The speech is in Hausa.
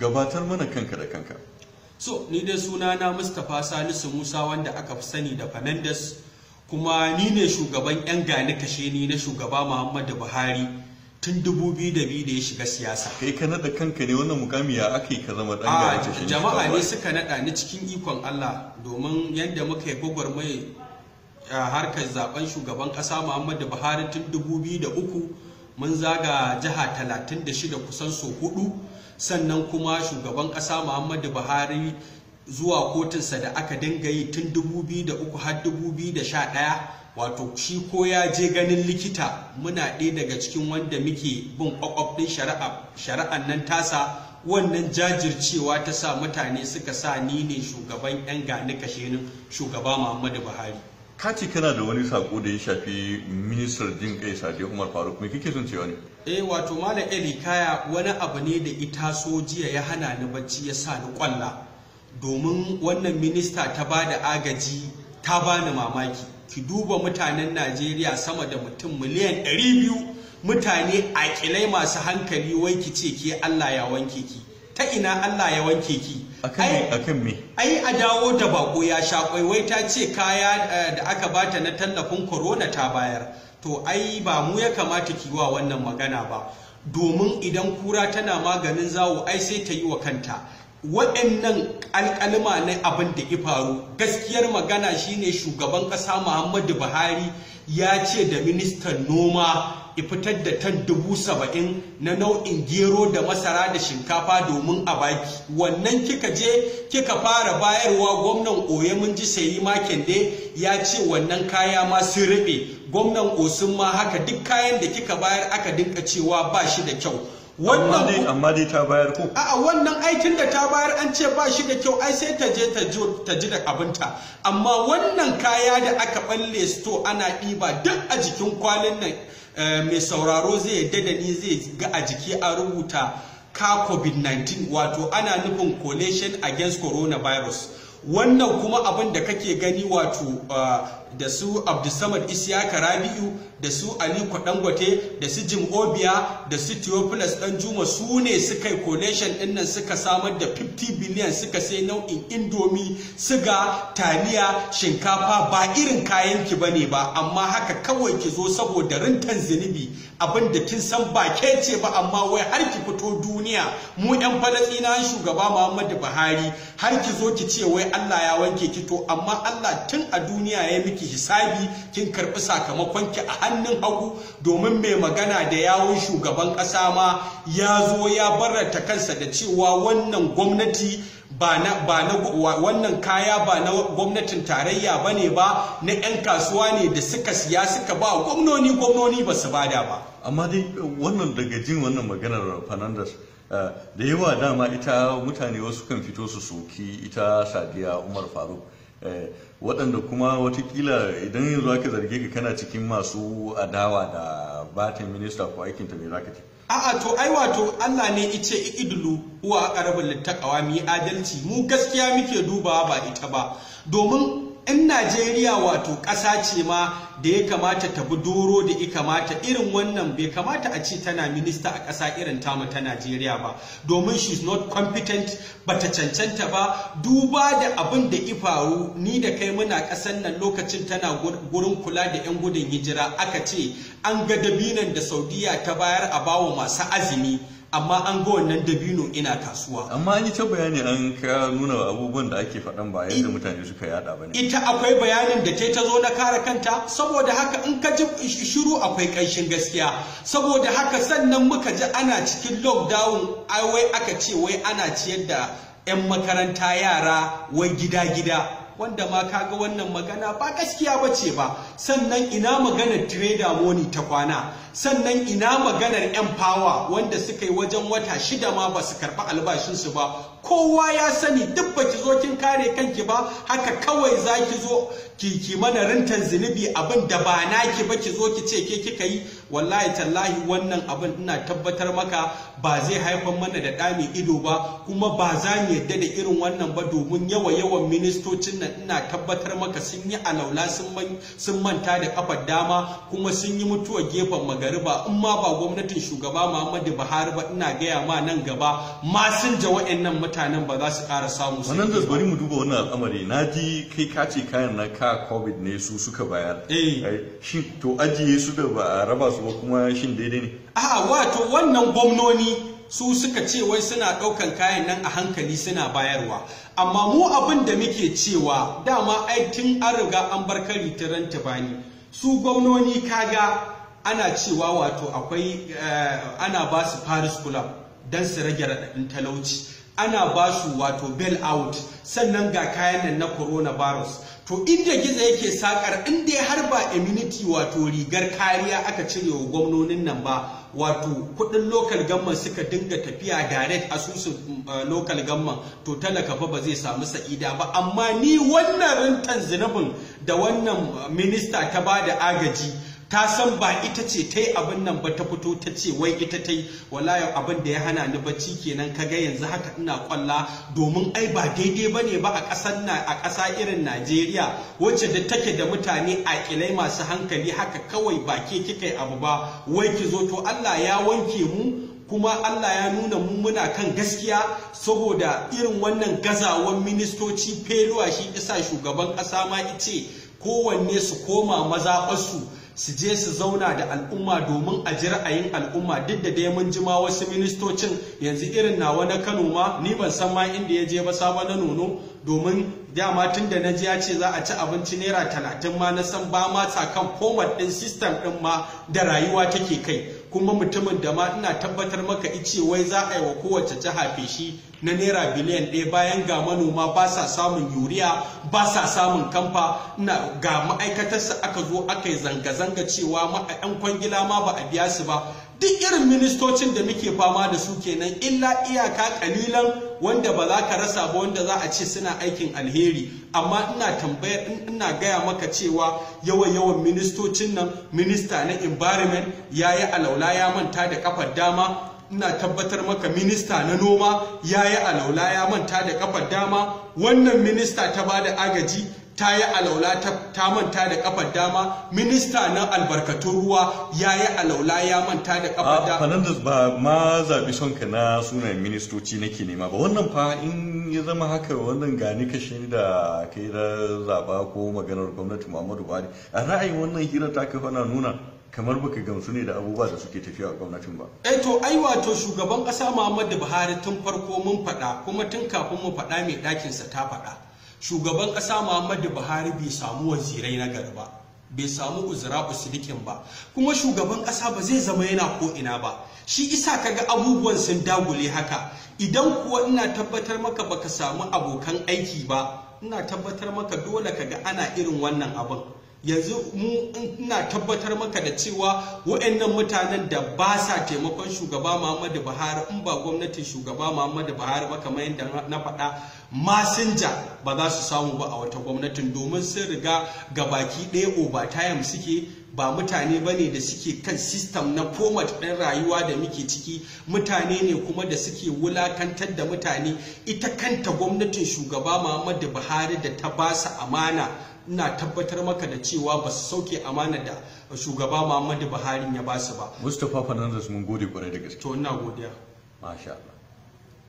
gabatar mana kanka da kanka so ni dai sunana mustapha salisu musa wanda aka fi sani da fernandes kuma ni ne shugaban 'yan gani kashe ni na shugaba muhammadu buhari tun 2002 da ya shiga siyasa kai ka nada kanka ne wannan mukami ya aka yi ka zama ɗan gani ah, kashe jama'a ne suka nada ni cikin ikon allah domin yadda muka yi gwagwarmaye harkar zaben shugaban ƙasa muhammadu buhari tun 2003 mun zaga jiha 36 kusan so hudu sannan kuma shugaban ƙasa muhammadu buhari zuwa kotunsa da aka dinga yi tun 2003 har 2011 wato shi ko ya je ganin likita muna ɗaya daga cikin wanda muke bin ƙwaƙwafin shari'an nan tasa wannan jajircewa ta sa mutane suka sa ni ne shugaban 'yan gani kashenin shugaba muhammadu buhari ka ce kana da wani sako da ya shafi ministar jin kai sadiya umar faruk mai kike son cewa ne eh wato malam elikaya wani abu ne da ita so jiya ya hana ni bacci ya sa ni kwalla domin wannan minista ta ba da agaji ta ba ni mamaki ki duba mutanen najeriya sama da mutum miliyan 200 mutane akilai masu hankali wai ki ce ke allah ya wanke ki ta ina allah ya wanke ki akan me ai a dawo da bako ya sha kwaiwai ta ce kaya eh, da aka bata na tallafin korona ta bayar to ai ba mu ya kamata kiwa wannan magana ba domin idan kura tana maganin zawo ai sai ta yi wa kanta waɗannan alƙalma na abin da ya faru gaskiyar magana shine shugaban ƙasa muhammadu buhari ya ce da ministan noma ya fitar da tan dubu saba'in na nau'in gero da masara da shinkafa domin a baki wannan kika je kika fara bayarwa gwamnan oye mun ji sayi makin ya ce wannan kaya ma sun rabe gwamnan osun ma haka duk kayan da kika bayar aka dinka cewa ba shi da kyau wannan amma dai ta bayar ko a'a wannan aikin da ta bayar an ce ba shi da kyau ai sai ta je ta jo ta ji da abinta amma wannan kaya da aka balle sto ana ɗiba duk a jikin kwalin nan eh, mai sauraro zai yadda da ni zai ga a jiki a rubuta ka covid-19 wato ana nufin coalition against coronavirus wannan kuma abin da kake gani wato eh, da su abdulsamad isiyaka rabi'u da su ali kwadangote da su jim obia da su theophilus dan juma su ne suka yi collation din nan suka samar da 50 billion suka sai nau'in indomi siga taliya shinkafa ba irin kayan ki bane ba amma haka kawai ki zo saboda rintan zunubi abin da kin san ba ke ce ba amma wai har ki fito duniya mu yan falastina shugaba muhammadu buhari har ki zo ki ce wai allah ya wanke ki to amma allah tun a duniya ya miki miki hisabi kin karbi sakamakon ki a hannun hagu domin mai magana da yawun shugaban kasa ma ya zo ya barata kansa da cewa wannan gwamnati ba na wannan kaya ba na gwamnatin tarayya ba ne ba na yan kasuwa ne da suka siya suka ba gwamnoni gwamnoni ba su ba da ba amma dai eh, wannan daga jin wannan maganar eh, Fernandes eh, da yawa dama ita mutane wasu kan fito su soki ita sadiya umar faruk Eh, waɗanda kuma watakila idan yanzu aka zarge ka kana cikin masu adawa da batin minista ko aikinta mai zaka ce a'a to ai wato Allah ne ice idulu huwa aqrabul littaqwa mi adalci mu gaskiya muke dubawa ba ita ba domin in Najeriya wato ƙasa ce ma da ya kamata ta bi doro da ya kamata irin wannan bai kamata a ce tana minista a ƙasa irin tamu ta Najeriya ba domin she is not competent ba ta cancanta ba duba da abin da ya faru ni da kai muna ƙasar nan lokacin tana gurin kula da 'yan gudun hijira aka ce an ga dabinan da Saudiya ta bayar a bawa masu azumi amma an ga wannan dabino ina kasuwa amma an yi ta bayani an ka nuna abubuwan da ake faɗan ba yadda mutane suka yada ba ne ita akwai bayanin da ta zo na kare kanta saboda haka in ka ji shiru akwai ƙanshin gaskiya saboda haka sannan muka ji ana cikin lockdown ai wai aka ce wai ana ciyar da 'yan makaranta yara wai gida-gida wanda ma kaga wannan magana ba gaskiya bace ba sannan ina magana trader money ta kwana sannan ina maganar 'yan fawa wanda suka yi wajen wata shida ma ba su karɓi albashinsu ba kowa ya sani duk baki zo kin kare kanki ba haka kawai za ki zo ki mana rintan zunubi abin da ba naki ba ki zo ki ce ke kika yi wallahi tallahi wannan abin ina tabbatar maka ba zai haifar mana da ɗa ido ba kuma ba za mu yadda da irin wannan ba domin yawa yawan ministocin nan ina tabbatar maka sun yi alaula sun manta da kafar dama kuma sun yi mutuwa gefen ba in ma ba gwamnatin shugaba Muhammadu Buhari ba ina gaya ma nan gaba masinja wa'annan mutanen ba za su ƙara samu su wannan da bari mu duba wannan al'amari na ji kai ka ce kayan na ka covid ne su suka bayar eh. Shi to ajiye su da ba a raba su ba kuma shin daidai ne a'a wato wannan gwamnoni su suka ce wai suna ɗaukan kayan nan a hankali suna bayarwa amma mu abin da muke cewa dama ai tun an riga an bar kari ranta bani su gwamnoni kaga ana cewa wato akwai eh, ana ba su paris club don su rage raɗaɗin talauci ana ba su wato bail out sannan ga kayan nan na coronavirus to inda gizo yake sakar inda har ba immunity wato rigar kariya aka cire wa gwamnonin nan ba wato kudin local gamman suka dinga tafiya direct asusun eh, local gamman to talaka fa ba zai samu sa'ida ba amma ni wannan rintan zinubin da wannan eh, minista ta ba da agaji ta san ba ita ce ta yi abin nan ba ta fito ta ce wai ita ta yi walayo abin da ya hana ni bacci kenan kaga yanzu haka ina kwalla domin ai ba daidai ba ne ba a ƙasar na a ƙasa irin Najeriya wacce da take da mutane a kilai masu hankali haka kawai ba ke kika yi abu ba wai ki zo to Allah ya wanke mu kuma Allah ya nuna mu muna kan gaskiya saboda irin wannan gazawan ministoci feluwa shi isa shugaban ƙasa ma ice kowanne su koma maza mazaɓarsu su je su zauna da al'umma domin a ji ra'ayin al'umma duk da dai mun ji ma wasu ministocin yanzu irin nawa na Kano ma ni ban san ma inda ya je ba sabon na nono domin dama tun da na ji ya ce za a ci abinci naira talatin ma na san ba ma kan format din system ɗin ma da rayuwa take kai kuma mutumin da ma ina tabbatar maka ice wai za a yi wa kowace jiha feshi na naira biliyan ɗaya bayan ga manoma ba sa samun yuriya ba sa samun kamfa na ga ma'aikatarsa aka zo aka yi zanga-zanga cewa yan kwangila ma ba a biya su ba duk irin ministocin da muke fama da su kenan illa iyaka kalilan wanda ba za ka rasa ba wanda za a ce suna aikin alheri amma ina tambayar ina gaya maka cewa yawan yawan ministocin nan minista na environment ya yi alaula ya manta da kafar dama ina tabbatar maka minista na noma ya yi alaula ya manta da kafar dama wannan minista ta ba da agaji ta yi alaula ta manta da kafar dama minista na albarkatun ruwa ya yi alaula ya manta da kafar dama Fernandes ba ma zaɓi sonka na sunayen ministoci nake nema ba wannan fa in ya zama haka wannan gani kashe da kai da zaɓa ko maganar gwamnati Muhammadu Buhari a ra'ayin wannan hira ta kafa na nuna kamar baka gamsu ne da abubuwa da suke tafiya a gwamnatin ba. Eh to ai wato shugaban ƙasa Muhammadu Buhari tun farko mun faɗa kuma tun kafin mu faɗa mai sa ta faɗa. Shugaban ƙasa Muhammadu Buhari bai samu wazirai na gari ba. Bai samu uzura usulikin ba. Kuma shugaban ƙasa ba zai zama yana ko ina ba. Shi isa kaga abubuwan sun dagule haka. Idan kuwa ina tabbatar maka baka samu abokan aiki ba, ina tabbatar maka dole kaga ana irin wannan abin. yanzu mu ina tabbatar maka da cewa wa'annan mutanen da ba sa taimakon shugaba Muhammadu Buhari in ba gwamnatin shugaba Muhammadu Buhari ba kamar yadda na faɗa masinja ba za su samu ba a wata gwamnatin domin sun riga ga baki ɗaya oba time suke ba mutane ba ne da suke kan sistem na format ɗin rayuwa da muke ciki mutane ne kuma da suke wulakantar da mutane ita kanta gwamnatin shugaba muhammadu buhari da ta ba su amana ina tabbatar maka da cewa ba su sauke amana da shugaba muhammadu buhari ya ba su ba mustapha fernandez mun gode kwarai da gaske to ina godiya masha